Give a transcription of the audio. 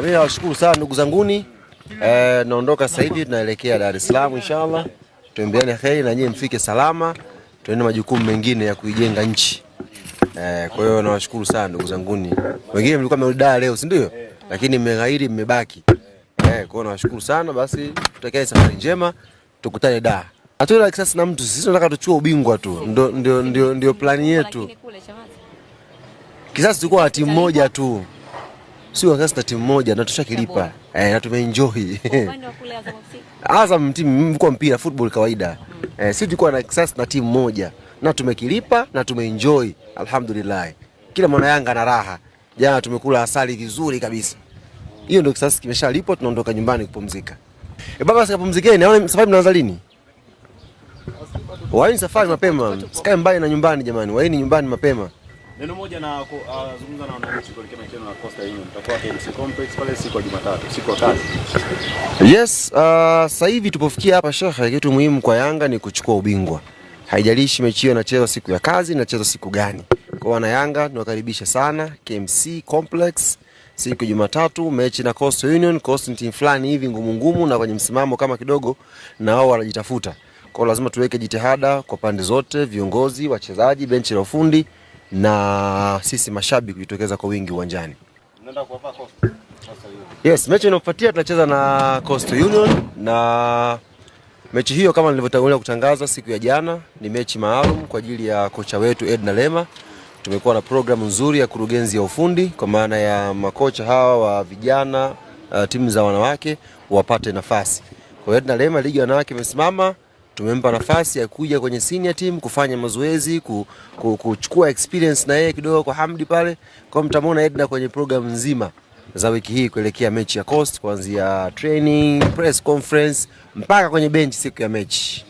Mimi nawashukuru sana ndugu zanguni. Eh, naondoka sasa hivi tunaelekea Dar es Salaam inshallah. Tuembeane heri na nyinyi mfike salama, tuende majukumu mengine ya kuijenga nchi. Eh, kwa hiyo nawashukuru sana ndugu zanguni. Wengine mlikuwa mmerudi Dar leo, si ndio? Lakini mmeghairi mmebaki. Eh, kwa hiyo nawashukuru sana basi, tutakae safari njema, tukutane Dar. Hatuna sasa na mtu, sisi tunataka tuchue ubingwa tu. Ndio ndio ndio ndio plani yetu. Kisasi tulikuwa na timu moja tu sio wakati na timu moja na tushakilipa eh, na tumeenjoy Azam timu kwa mpira football kawaida mm. Eh, sisi tulikuwa na kisasi na timu moja na tumekilipa na tumeenjoy alhamdulillah, kila mwana Yanga na raha. Jana tumekula asali vizuri kabisa. Hiyo ndio kisasi kimeshalipo, tunaondoka nyumbani kupumzika. E baba, sikapumzikeni naona safari mnaanza lini? Waini safari mapema, sikae mbali na nyumbani jamani, waini nyumbani mapema. Neno moja na kuzungumza ah, na wananchi kuelekea mchezo wa Coastal Union. Mtakuwa KMC Complex pale siku ya Jumatatu, siku ya kazi. Yes, uh, sasa hivi tupofikia hapa shekhe, kitu muhimu kwa Yanga ni kuchukua ubingwa. Haijalishi mechi hiyo inachezwa siku ya kazi, inachezwa siku gani. Kwa wana Yanga niwakaribisha sana KMC Complex siku ya Jumatatu mechi na Coastal Union. Coastal team fulani hivi ngumu ngumu na kwenye msimamo kama kidogo na wao wanajitafuta. Kwa lazima tuweke jitihada kwa pande zote, viongozi, wachezaji, benchi la ufundi na sisi mashabiki kujitokeza kwa wingi uwanjani. Yes, mechi inayofuatia tunacheza na Coastal Union na mechi hiyo kama nilivyotangulia kutangaza siku ya jana, ni mechi maalum kwa ajili ya kocha wetu Edna Lema. Tumekuwa na programu nzuri ya kurugenzi ya ufundi kwa maana ya makocha hawa wa vijana, uh, timu za wanawake wapate nafasi. Kwa hiyo Edna Lema, ligi ya wanawake imesimama tumempa nafasi ya kuja kwenye senior team kufanya mazoezi ku, ku, kuchukua experience na yeye kidogo kwa Hamdi pale. Kwa mtamwona Edna kwenye program nzima za wiki hii kuelekea mechi ya Coast, kuanzia training, press conference mpaka kwenye bench siku ya mechi.